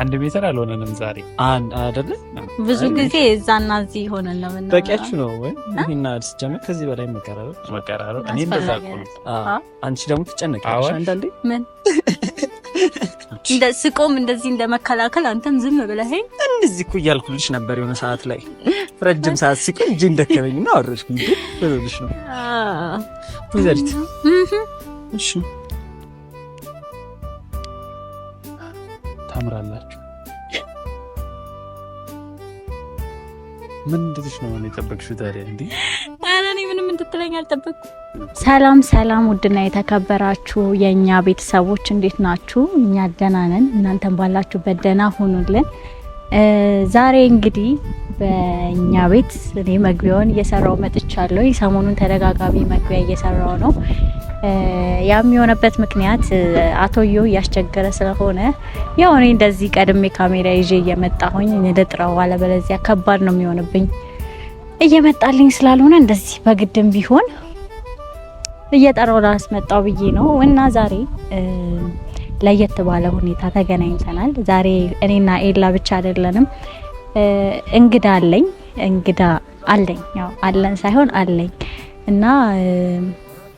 አንድ ሜትር አልሆነንም ዛሬ አንድ አደለ። ብዙ ጊዜ እዛና እዚህ ሆነን ለምን በቂያችሁ ነው ወይ? ይህና ስጀምር ከዚህ በላይ መቀራረብ መቀራረብ እኔ እንደዛ አንቺ ደግሞ ትጨነቂያለሽ አንዳንዴ ምን ስቆም እንደዚህ እንደ መከላከል አንተም ዝም ብለህ እንደዚህ እኮ እያልኩልሽ ነበር። የሆነ ሰዓት ላይ ረጅም ሰዓት ሲቆ እንጂ እንደከበኝ እንደከበኝና አወረድኩኝ። ግን ነው ዘሪት እሺ ታምራላችሁ። ምን እንድትሽ ነው የጠበቅሽው ታዲያ? እንዴ ኧረ ምንም እንድትለኝ አልጠበቅኩም። ሰላም ሰላም፣ ውድና የተከበራችሁ የእኛ ቤተሰቦች እንዴት ናችሁ? እኛ ደህና ነን፣ እናንተን ባላችሁበት ደህና ሆኑልን። ዛሬ እንግዲህ በእኛ ቤት እኔ መግቢያውን እየሰራው መጥቻለሁ። ሰሞኑን ተደጋጋሚ መግቢያ እየሰራው ነው ያም የሆነበት ምክንያት አቶዮ እያስቸገረ ስለሆነ ያው እኔ እንደዚህ ቀድሜ ካሜራ ይዤ እየመጣሁኝ ልጥረው፣ አለበለዚያ ከባድ ነው የሚሆንብኝ። እየመጣልኝ ስላልሆነ እንደዚህ በግድም ቢሆን እየጠራው ላስመጣው ብዬ ነው እና ዛሬ ለየት ባለ ሁኔታ ተገናኝተናል። ዛሬ እኔና ኤላ ብቻ አይደለንም፣ እንግዳ አለኝ። እንግዳ አለኝ ያው አለን ሳይሆን አለኝ እና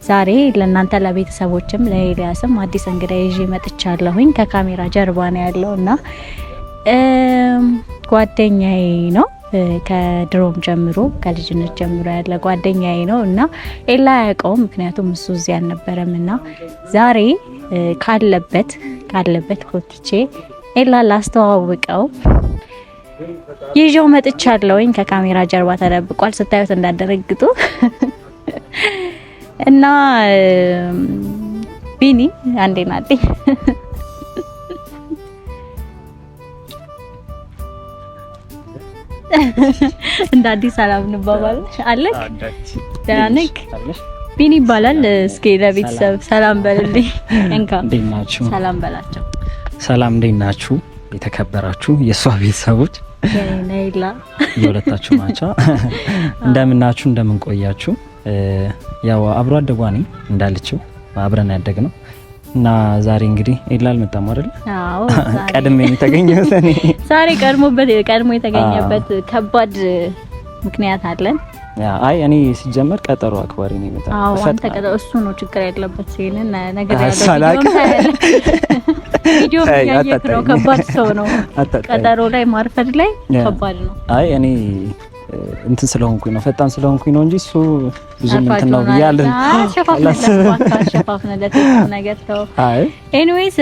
ዛሬ ለእናንተ ለቤተሰቦችም ለኤልያስም አዲስ እንግዳ ይዤ መጥቻለሁኝ። ከካሜራ ጀርባ ነው ያለው እና ጓደኛዬ ነው ከድሮም ጀምሮ ከልጅነት ጀምሮ ያለ ጓደኛዬ ነው እና ኤላ ያውቀውም፣ ምክንያቱም እሱ እዚህ አልነበረም እና ዛሬ ካለበት ካለበት ኮትቼ ኤላ ላስተዋውቀው ይዤው መጥቻለሁኝ። ከካሜራ ጀርባ ተደብቋል፣ ስታዩት እንዳደረግጡ እና ቢኒ አንዴ ናዴ እንደ አዲስ ሰላም እንባባል አለክ ደህና ነህ? ቢኒ ይባላል። እስኪ ለቤተሰብ ሰላም በልልኝ። እንካ እንዴት ናችሁ? ሰላም በላቸው። ሰላም እንዴት ናችሁ? የተከበራችሁ የእሷ ቤተሰቦች የሁለታችሁ ናቸው። እንደምናችሁ እንደምንቆያችሁ ያው አብሮ አደጓ ነኝ እንዳለችው አብረን ያደግ ነው እና ዛሬ እንግዲህ ኤላ አልመጣም አይደል? አዎ፣ ቀድሜ የተገኘሁት እኔ ዛሬ ቀድሞበት ቀድሞ የተገኘበት ከባድ ምክንያት አለን። አይ እኔ ሲጀመር ቀጠሮ አክባሪ ነኝ። ይመጣ። አዎ፣ አንተ ቀጠሮ እሱ ነው ችግር ያለበት። ሲልን ነገር ያለበት ቪዲዮ ያየክ ነው። ከባድ ሰው ነው። ቀጠሮ ላይ ማርፈድ ላይ ከባድ ነው። አይ እኔ እንትን ስለሆንኩኝ ነው ፈጣን ስለሆንኩኝ ነው እንጂ እሱ ብዙም እንትን ነው ብያለሁ። ሸፋፍነለት ነገር ኤኒዌይስ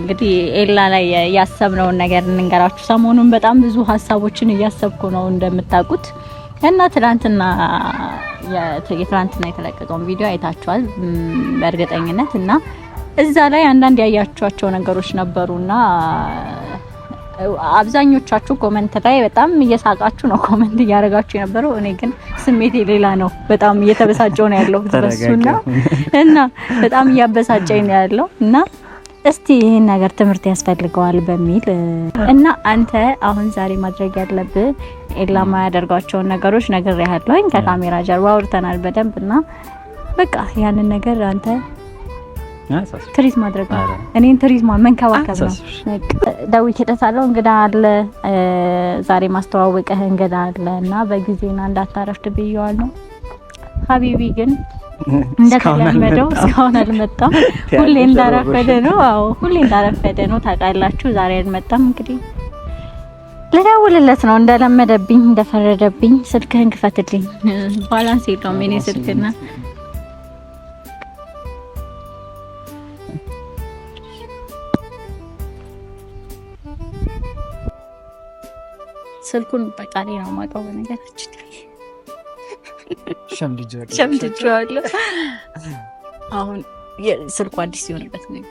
እንግዲህ ኤላ ላይ ያሰብነውን ነገር እንንገራችሁ። ሰሞኑን በጣም ብዙ ሀሳቦችን እያሰብኩ ነው እንደምታውቁት እና ትናንትና የትናንትና የተለቀቀውን ቪዲዮ አይታችኋል በእርግጠኝነት እና እዛ ላይ አንዳንድ ያያችኋቸው ነገሮች ነበሩና አብዛኞቻችሁ ኮመንት ላይ በጣም እየሳቃችሁ ነው ኮመንት እያደረጋችሁ የነበረው። እኔ ግን ስሜቴ ሌላ ነው። በጣም እየተበሳጨው ነው ያለው በሱና እና በጣም እያበሳጨኝ ነው ያለው እና እስቲ ይህን ነገር ትምህርት ያስፈልገዋል በሚል እና አንተ አሁን ዛሬ ማድረግ ያለብህ ኤላ ያደርጓቸውን ነገሮች ነግሬሃለሁኝ። ከካሜራ ጀርባ አውርተናል በደንብ እና በቃ ያንን ነገር አንተ ትሪት ማድረግ ነው። እኔን ትሪት መንከባከብ ነው። ዳዊት የተሳለው እንግዳ አለ፣ ዛሬ ማስተዋወቀህ እንግዳ አለ እና በጊዜና እንዳታረፍድ ብዬዋለሁ። ሀቢቢ ግን እንደተለመደው እስካሁን አልመጣም። ሁሌ እንዳረፈደ ነው። አዎ ሁሌ እንዳረፈደ ነው። ታውቃላችሁ፣ ዛሬ አልመጣም። እንግዲህ ልደውልለት ነው እንደለመደብኝ፣ እንደፈረደብኝ። ስልክህን ክፈትልኝ፣ ባላንስ የለውም ስልክና ስልኩን በቃ እኔ ነው የማውቀው። በነገራችን ሸምድጄዋለሁ። አሁን ስልኩ አዲስ ሲሆንበት ነው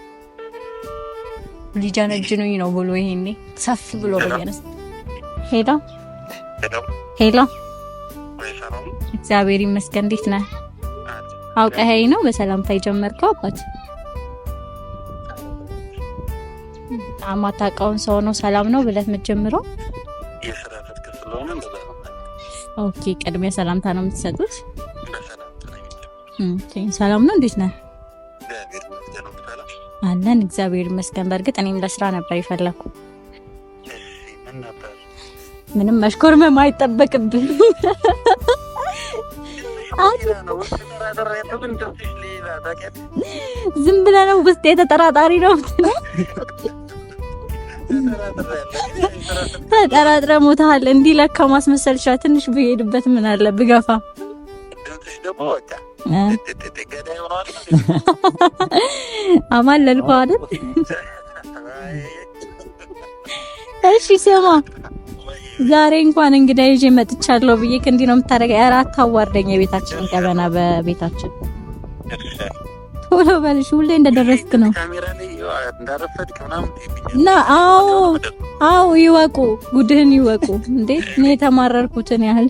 ሊጀነጅኑኝ ነው ብሎ ይሄኔ ሰፍ ብሎ በየነስ ሄሎ ሄሎ፣ እግዚአብሔር ይመስገን። እንዴት ነህ? አውቀኸኝ ነው በሰላምታ የጀመርከው? አባት አማታውቀውን ሰው ነው ሰላም ነው ብለህ የምትጀምረው? ስለሆነ እንደዛ ነው። ኦኬ፣ ቅድሚያ ሰላምታ ነው የምትሰጡት? ሰላም ነው፣ እንዴት ነህ? አለን፣ እግዚአብሔር ይመስገን። በእርግጥ እኔም ለስራ ነበር የፈለኩ። ምንም መሽኮርመም አይጠበቅብን። ዝም ብለህ ነው ውስጤ ተጠራጣሪ ነው ተጠራጥረ ሞታል። እንዲህ ለካ ማስመሰልሻ ትንሽ ብሄድበት ምን አለ ብገፋ አማለልኩ አይደል? እሺ ስማ፣ ዛሬ እንኳን እንግዳ ይዤ መጥቻለሁ ብዬ እንዲህ ነው የምታደርገው? ኧረ አታዋርደኝ። የቤታችንን ቀበና በቤታችን ቶሎ በልሽ። ሁሌ እንደደረስክ ነው እና አዎ አዎ ይወቁ፣ ጉድህን ይወቁ። እንዴ እኔ የተማረርኩትን ያህል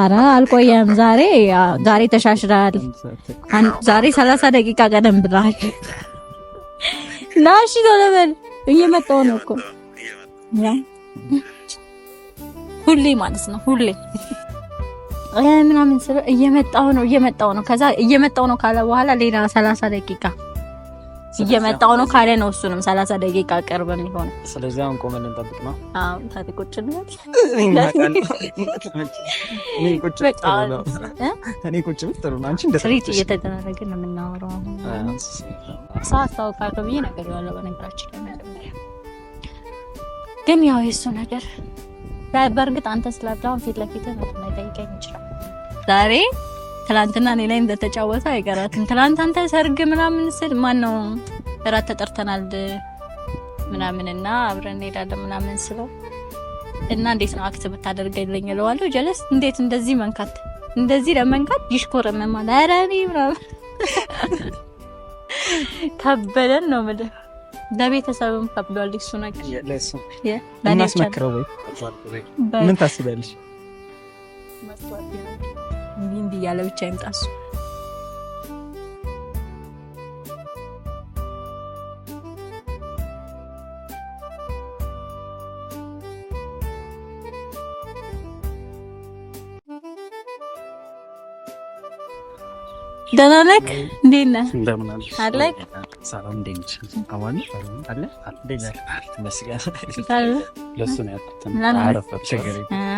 አረ አልቆየም። ዛሬ ዛሬ ተሻሽራል። ዛሬ ሰላሳ ደቂቃ ቀደም ብላል። ናሽ ቶሎ በል እየመጣሁ ነው እኮ ሁሌ ማለት ነው ሁሌ ምናምን ስለ እየመጣው ነው እየመጣው ነው። ከዛ እየመጣው ነው ካለ በኋላ ሌላ ሰላሳ ደቂቃ እየመጣው ነው ካለ ነው እሱንም ሰላሳ ደቂቃ ቅርብ የሚሆነው። ስለዚህ አሁን ቆመን እንጠብቅ ነው። ነው። አንቺ እንደ ትሪት እየተደረገ ነው የምናወራው። ሰው አስታውቃለሁ ብዬ ነገር ያለው በነገራችን ግን ያው የእሱ ነገር በእርግጥ አንተ ስላዳሁን ፊት ለፊት ነው ጠይቀኝ ይችላል ዛሬ ትላንትና እኔ ላይ እንደተጫወተ አይቀራትም። ትላንት አንተ ሰርግ ምናምን ስል ማን ነው እራት ተጠርተናል ምናምን እና አብረን እንሄዳለን ምናምን ስለው እና እንዴት ነው አክት ብታደርገልኝ እለዋለሁ። ጀለስ እንዴት እንደዚህ መንካት እንደዚህ ለመንካት ይሽኮረመማል። ኧረ እኔ ምናምን ከበደን ነው የምልህ። ለቤተሰብም ከብዷል እሱ ነገር። እናስመክረው ወይ ምን ታስቢያለሽ? እንዲ እንዲ እያለ ብቻ ደህና ነህ? እንዴት ነህ? እንደምን አለሽ? አለክ ሰላም። እንዴት ነሽ? አማን አለ አለ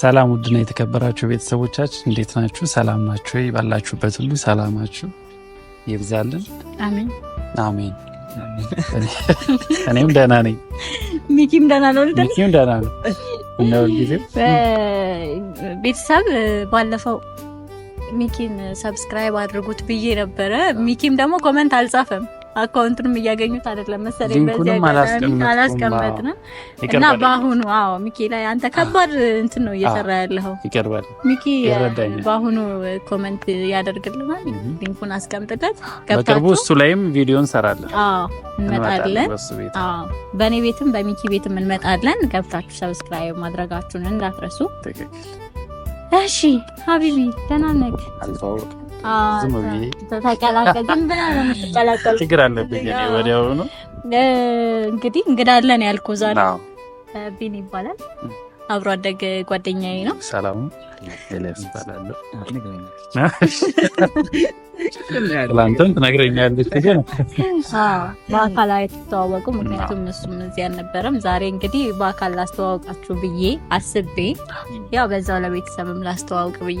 ሰላም ውድና የተከበራችሁ ቤተሰቦቻችን እንዴት ናችሁ? ሰላም ናችሁ? ባላችሁበት ሁሉ ሰላማችሁ ይብዛልን። አሜን አሜን። እኔም ደህና ነኝ፣ ሚኪም ደህና ነው፣ ሚኪም ደህና ነው። ቤተሰብ ባለፈው ሚኪን ሰብስክራይብ አድርጉት ብዬ ነበረ። ሚኪም ደግሞ ኮመንት አልጻፈም። አካውንቱንም እያገኙት አይደለም መሰለኝ። አላስቀመጥንም እና በአሁኑ አዎ፣ ሚኪ ላይ አንተ ከባድ እንትን ነው እየሰራ ይቀርባል ሚኪ። በአሁኑ ኮመንት ያደርግልናል፣ ሊንኩን አስቀምጥለት። በቅርቡ እሱ ላይም ቪዲዮ እንሰራለን፣ እንመጣለን። በእኔ ቤትም በሚኪ ቤትም እንመጣለን። ገብታችሁ ሰብስክራይብ ማድረጋችሁን እንዳትረሱ። እሺ ሀቢቢ ደህና ነህ? ዝም ብዬ ተቀላቀል ችግር አለብኝ እኔ እንግዲህ እንግዳ አለን ያልኩህ ዛሬ ቢኒ ይባላል። አብሮ አደግ ጓደኛዬ ነው። ሰላም ኤልያስ እባላለሁ። ትነግረኛለች በአካል የተተዋወቁ፣ ምክንያቱም እሱም እዚህ አልነበረም። ዛሬ እንግዲህ በአካል ላስተዋውቃችሁ ብዬ አስቤ ያው በዛው ለቤተሰብም ላስተዋውቅ ብዬ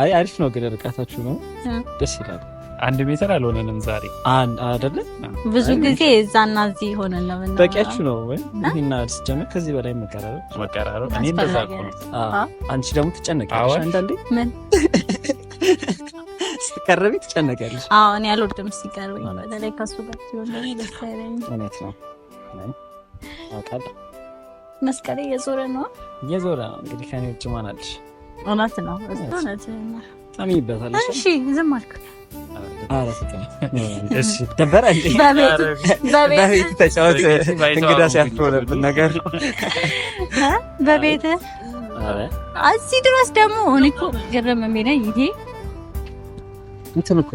አይ አሪፍ ነው ግን ርቀታችሁ ነው ደስ ይላል። አንድ ሜትር አልሆነንም ዛሬ አይደለ? ብዙ ጊዜ እዛና እዚህ ሆነን ለምን በቂያችሁ ነው ወይ? ይህና ስጀመ ከዚህ በላይ መቀራረብ መቀራረብ እኔ እንደዛ ነው። አንቺ ደግሞ ትጨነቂያለሽ አንዳንዴ ምን ስትቀረቢ ትጨነቂያለሽ። አዎ እኔ አልወድም ሲቀርበኝ፣ በተለይ ከሱ ጋር ሲሆን ደስ አይለኝም። እውነት ነው አውቃለሁ። መስቀሌ እየዞረ ነው እየዞረ ነው። እንግዲህ ከኔ ውጭ ማን እውነት ነው። እሺ ዝም አልክ። በቤት ተጫወት። እንግዳ ሲያልፍ ነገር ነው። በቤት እዚህ ድረስ ደግሞ እኔ እኮ ግርም የሚለኝ ይሄ እንትን እኮ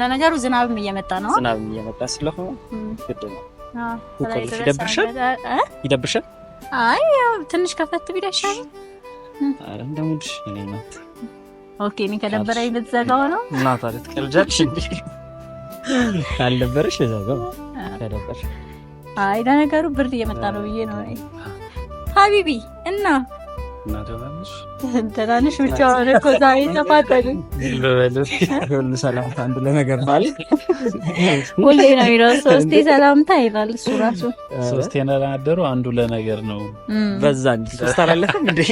ለነገሩ ዝናብም እየመጣ ነው። ዝናብም እየመጣ ስለሆነ ይደብርሻል አይ ያው ትንሽ ከፈት ቢል አይሻልም? ኧረ እንደ እኔ ናት። ኦኬ እኔ ከደበረኝ ብትዘጋው ነው እና ታዲያ ትቀልጃለሽ እንዴ? ካልደበረሽ ዘጋው፣ ከደበረሽ አይ ለነገሩ ብርድ እየመጣ ነው ብዬ ነው። ሀቢቢ እና እኮ ዛሬ ሰላምታ አንድ ለነገር ማለት ሁሌ ነው የሚለው። ሶስቴ ሰላምታ ይላል እሱ ራሱ። ሶስቴ አንዱ ለነገር ነው። በዛ ሶስት አላለፍም እንዴ?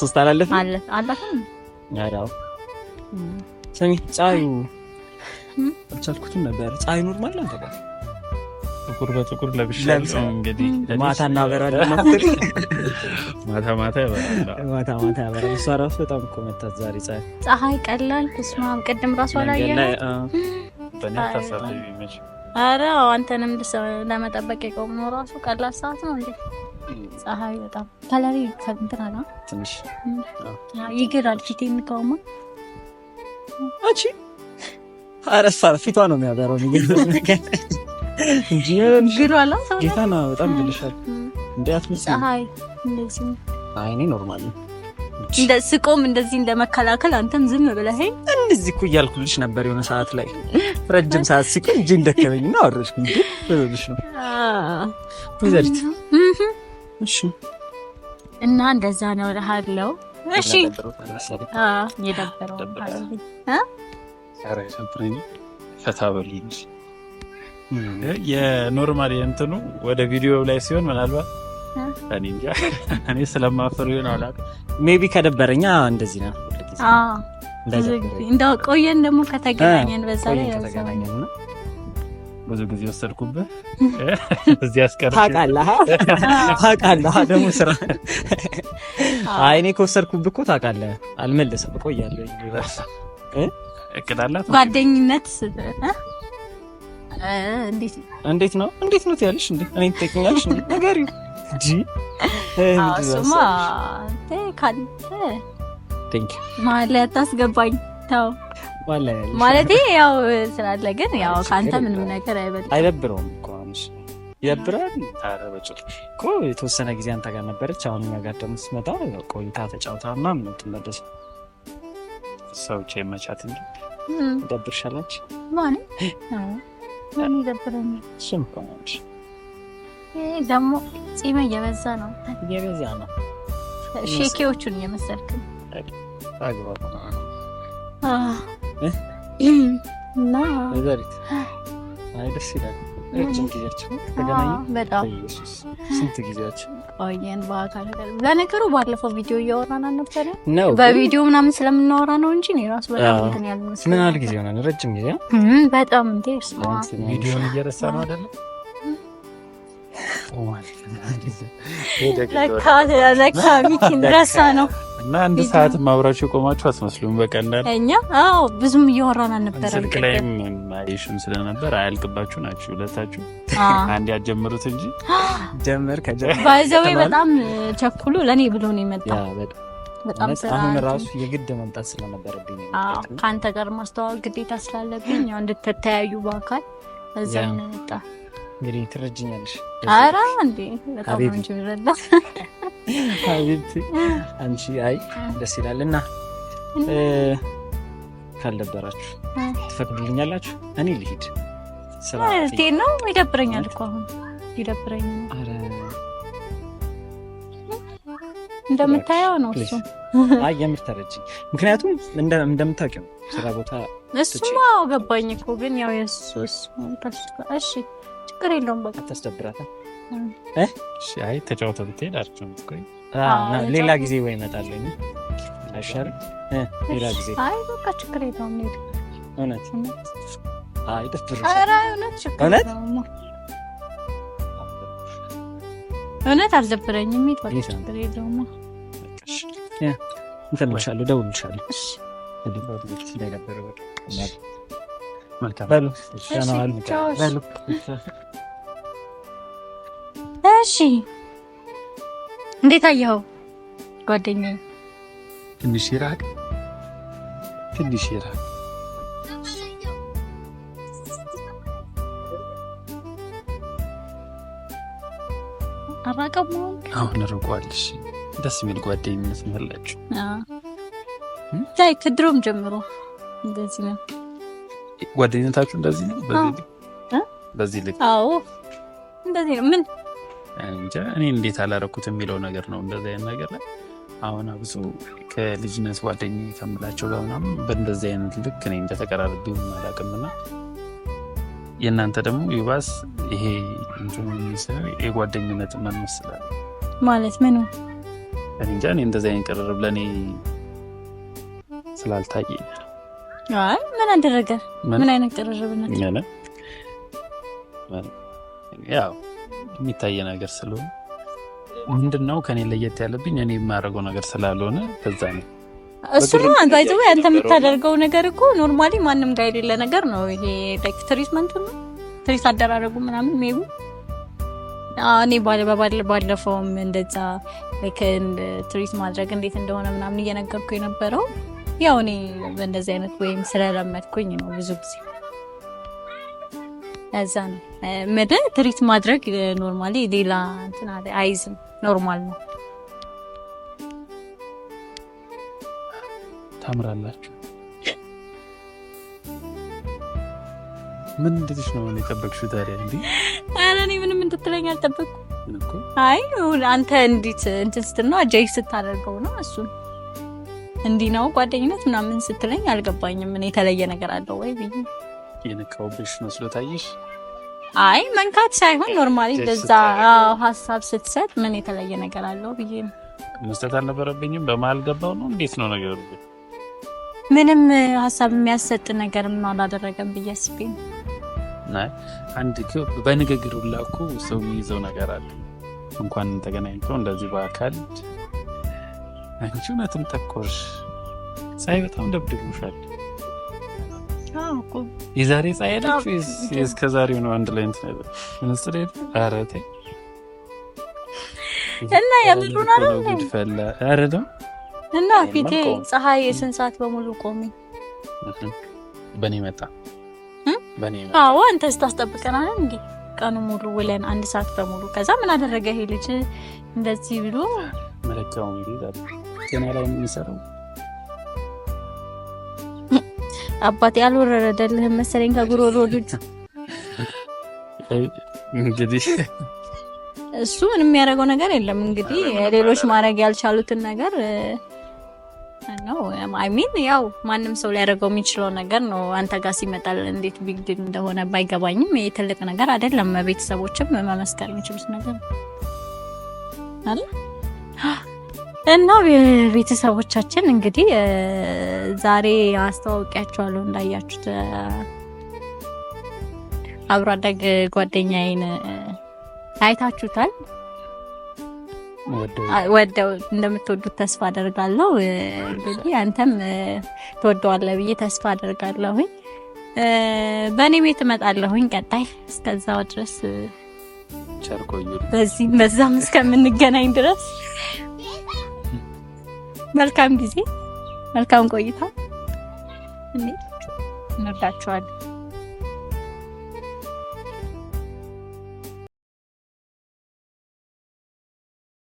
ሶስት አላለፍም አላለፍም። ያው ሰሚ ፀሐዩ አልቻልኩትም ነበር። ፀሐዩ ኖርማል አንተ ጋር ጥቁር በጥቁር ለብሻለሁ። እንግዲህ ማታ እናበራለን። ማታ ማታ ማታ ማታ ያበራል። እሷ ራሱ በጣም እኮ መታት ዛሬ ፀሐይ ፀሐይ ቀላል ስማም ቅድም ራሱ አላየንም። ኧረ አንተንም ለመጠበቅ የቆምነው ራሱ ቀላል ሰዓት ነው እንዴ? ፀሐይ በጣም ከለሪ ከንትና አለ ትንሽ ይግራል። ፊት የሚቃውማ አቺ አረሳ ፊቷ ነው የሚያበረው ነገር እንጂ ጌታ ና በጣም ብልሻል። እንደ አይኔ ኖርማል እንደ ስቆም እንደዚህ እንደመከላከል አንተም ዝም ብለህ እንደዚህ እኮ እያልኩልሽ ነበር። የሆነ ሰዓት ላይ ረጅም ሰዓት ሲቆ እጄ እንደከመኝ ነው አወረድኩ እንጂ ነው ወይዘሪት። እሺ እና እንደዛ ነው እልሃለሁ። እሺ የደበረው ፈታ በሉ የኖርማል የእንትኑ ወደ ቪዲዮ ላይ ሲሆን ምናልባት እኔ እንጃ እኔ ስለማፈሩ ይሆን አላውቅም። ሜቢ ከደበረኛ እንደዚህ ነው እንደው ቆየን ደግሞ ከተገናኘን በዛ ላይ ብዙ ጊዜ ወሰድኩብህ። እዚህ አስቀር ታውቃለህ፣ ታውቃለህ ደግሞ ስራ አይ እኔ ከወሰድኩብህ እኮ ታውቃለህ፣ አልመለሰም። ቆያለሁ እቅዳላት ጓደኝነት እንዴት ነው እንዴት ነው ትያለሽ? እንዴ እኔ ትጠይቀኛለሽ? እንዴ ነገር እንጂ እሱማ መሀል ላይ አታስገባኝ። ተው ማለቴ ያው ስላለ ግን ያው ከአንተ ምንም ነገር አይበል አይደብረውም እኮ ይደብራል። ኧረ በጭራሽ እኮ የተወሰነ ጊዜ አንተ ጋር ነበረች። አሁን እኛ ጋር ደግሞ ስትመጣ ቆይታ ተጫውታ ምናምን ነው የምትመለስ። ሰዎች የመቻት እንጂ ይደብርሻላችሁ ማንም በጣም ይደብረኛል። እሱም ደግሞ ጺም እየበዛ ነው እየበዛ ነው። ሼኬዎቹን እየመሰልክ እና ደስ ይላል። ረጅም ጊዜያችን በጣም ስንት ጊዜያችን ቆየን በአካል ለነገሩ ባለፈው ቪዲዮ እያወራን አልነበረ ነው በቪዲዮ ምናምን ስለምናወራ ነው እንጂ እኔ እራሱ በጣም እንትን ያልመስለኝ ምን ያህል ጊዜ ሆነን ረጅም ጊዜ በጣም እንዴ ቪዲዮን እየረሳ ነው አይደለም ለካ ሚኪን ረሳ ነው እና አንድ ሰዓት ማብራችሁ የቆማችሁ አትመስሉም። እኛ አዎ፣ ብዙም እያወራን አልነበረ። ስልክ ላይም አይሽም ስለነበር አያልቅባችሁ ናችሁ ሁለታችሁ። አንድ ያጀምሩት እንጂ ጀምር ከጀምር ባይዘዌ በጣም ቸኩሉ ለእኔ ብሎ ነው የመጣው። አሁን ራሱ የግድ መምጣት ስለነበረብኝ ከአንተ ጋር ማስተዋወቅ ግዴታ ስላለብኝ እንድትተያዩ በአካል ነው እንግዲህ ትረጅኛለሽ። ኧረ እንዴ በጣም አቤት አንቺ አይ ደስ ይላል። እና ካልደበራችሁ ትፈቅዱልኛላችሁ? እኔ ልሂድ ስራቴ ነው። ይደብረኛል እኮ አሁን ይደብረኛል። እንደምታየው ነው እሱ። አይ የምር ተረጅኝ። ምክንያቱም እንደምታውቂው ስራ ቦታ እሱማ ገባኝ እኮ ግን ያው የሱ እሱ እሺ ችግር የለውም። በቃ አታስደብራትም። አይ ተጫውቶ ብትሄድ አርችም ሌላ ጊዜ ወይ እመጣለሁ ሌላ ጊዜ። አይ በቃ ችግር የለውም። እውነት አይ እውነት እውነት አልደበረኝም። በቃ ችግር የለውም። እንትን እልሻለሁ፣ እደውልልሻለሁ። እሺ እንዴት አየኸው ጓደኛዬ? ትንሽ ይራቅ፣ ትንሽ ይራቅ። አራቀሙ አሁን ርቋልሽ። ደስ የሚል ጓደኝነት ነው ያላችሁ። ከድሮም ጀምሮ እንደዚህ ነው። ጓደኝነታችሁ እንደዚህ ነው? በዚህ ልክ? አዎ እንደዚህ ነው። ምን እኔ እንዴት አላረኩት የሚለው ነገር ነው። እንደዚህ አይነት ነገር ላይ አሁን አብዙ ከልጅነት ጓደኝ ከምላቸው ጋር ምናምን በእንደዚህ አይነት ልክ እኔ እንደተቀራርብ አላቅምና የእናንተ ደግሞ ይባስ ይሄ የጓደኝነት ምን መስላል ማለት ምኑ እንጃ እኔ እንደዚህ አይነት ቅርርብ ለእኔ ስላልታየኛል ምን አደረገ? ምን አይነት ቅርርብነት? ያው የሚታየ ነገር ስለሆነ ምንድን ነው ከኔ ለየት ያለብኝ እኔ የማደርገው ነገር ስላልሆነ ከዛ ነው እሱ ነው አንተ የምታደርገው ነገር እኮ ኖርማሊ ማንም ጋር የሌለ ነገር ነው። ይሄ ላይክ ትሪትመንቱ ነው ትሪት አደራረጉ ምናምን ሜቡ እኔ ባለፈውም እንደዛ ትሪት ማድረግ እንዴት እንደሆነ ምናምን እየነገርኩ የነበረው ያው እኔ በእንደዚህ አይነት ወይም ስለለመድኩኝ ነው ብዙ ጊዜ እዛ ነው ምድ ትሪት ማድረግ ኖርማሊ ሌላ እንትን አይዝም ኖርማል ነው። ታምራላችሁ። ምን እንድትሽ ነው የጠበቅሽው ታዲያ? እንዲ ኧረ እኔ ምንም እንድትለኝ አልጠበቅኩም። አይ አንተ እንዴት እንትን ስትል ነው አጃይ ስታደርገው ነው እሱን እንዲህ ነው ጓደኝነት ምናምን ስትለኝ አልገባኝም። ምን የተለየ ነገር አለው ወይ ብዬ የነካውብሽ መስሎ ታየሽ? አይ መንካት ሳይሆን ኖርማሊ እንደዛ ሀሳብ ስትሰጥ ምን የተለየ ነገር አለው ብዬ መስጠት አልነበረብኝም። በመሀል ገባው ነው እንዴት ነው ነገሩ? ምንም ሀሳብ የሚያሰጥ ነገርም አላደረገም ብዬ አስቤ ነው። አንድ በንግግር ላኩ ሰው የሚይዘው ነገር አለ። እንኳን ተገናኝቶ እንደዚህ በአካል አንቺ እውነትም ተኮርሽ። ፀሐይ በጣም ደብድቦሻል እኮ የዛሬ ፀሐይ ላ እስከ ዛሬው ነው አንድ ላይ ምንስር አረቴ እና የምሩን አረፈላ አረደ እና ፊቴ ፀሐይ የስንት ሰዓት በሙሉ ቆሚ በእኔ መጣ። አዎ አንተ ስታስጠብቀናል እንዴ? ቀኑ ሙሉ ውለን አንድ ሰዓት በሙሉ ከዛ ምን አደረገ ይሄ ልጅ እንደዚህ ብሎ መለኪያው እንግዲህ ጤና ላይ የሚሰራው አባቴ አልወረረደልህም መሰለኝ ከጉሮሮ ልጁ እንግዲህ እሱ ምንም የሚያደርገው ነገር የለም። እንግዲህ ሌሎች ማድረግ ያልቻሉትን ነገር ነው። አይ ሚን ያው ማንም ሰው ሊያደርገው የሚችለው ነገር ነው። አንተ ጋር ሲመጣል እንዴት ቢግድ እንደሆነ ባይገባኝም ይህ ትልቅ ነገር አይደለም። ቤተሰቦችም መመስከር የሚችሉት ነገር ነው አይደል? እና ቤተሰቦቻችን እንግዲህ ዛሬ አስተዋውቂያቸዋለሁ። እንዳያችሁት አብሮ አደግ ጓደኛዬን አይታችሁታል። ወደው እንደምትወዱት ተስፋ አደርጋለሁ። እንግዲህ አንተም ትወደዋለህ ብዬ ተስፋ አደርጋለሁኝ። በእኔ ቤት እመጣለሁኝ ቀጣይ። እስከዛው ድረስ በዚህም በዛም እስከምንገናኝ ድረስ መልካም ጊዜ፣ መልካም ቆይታ። እኔ እንወዳችኋለን።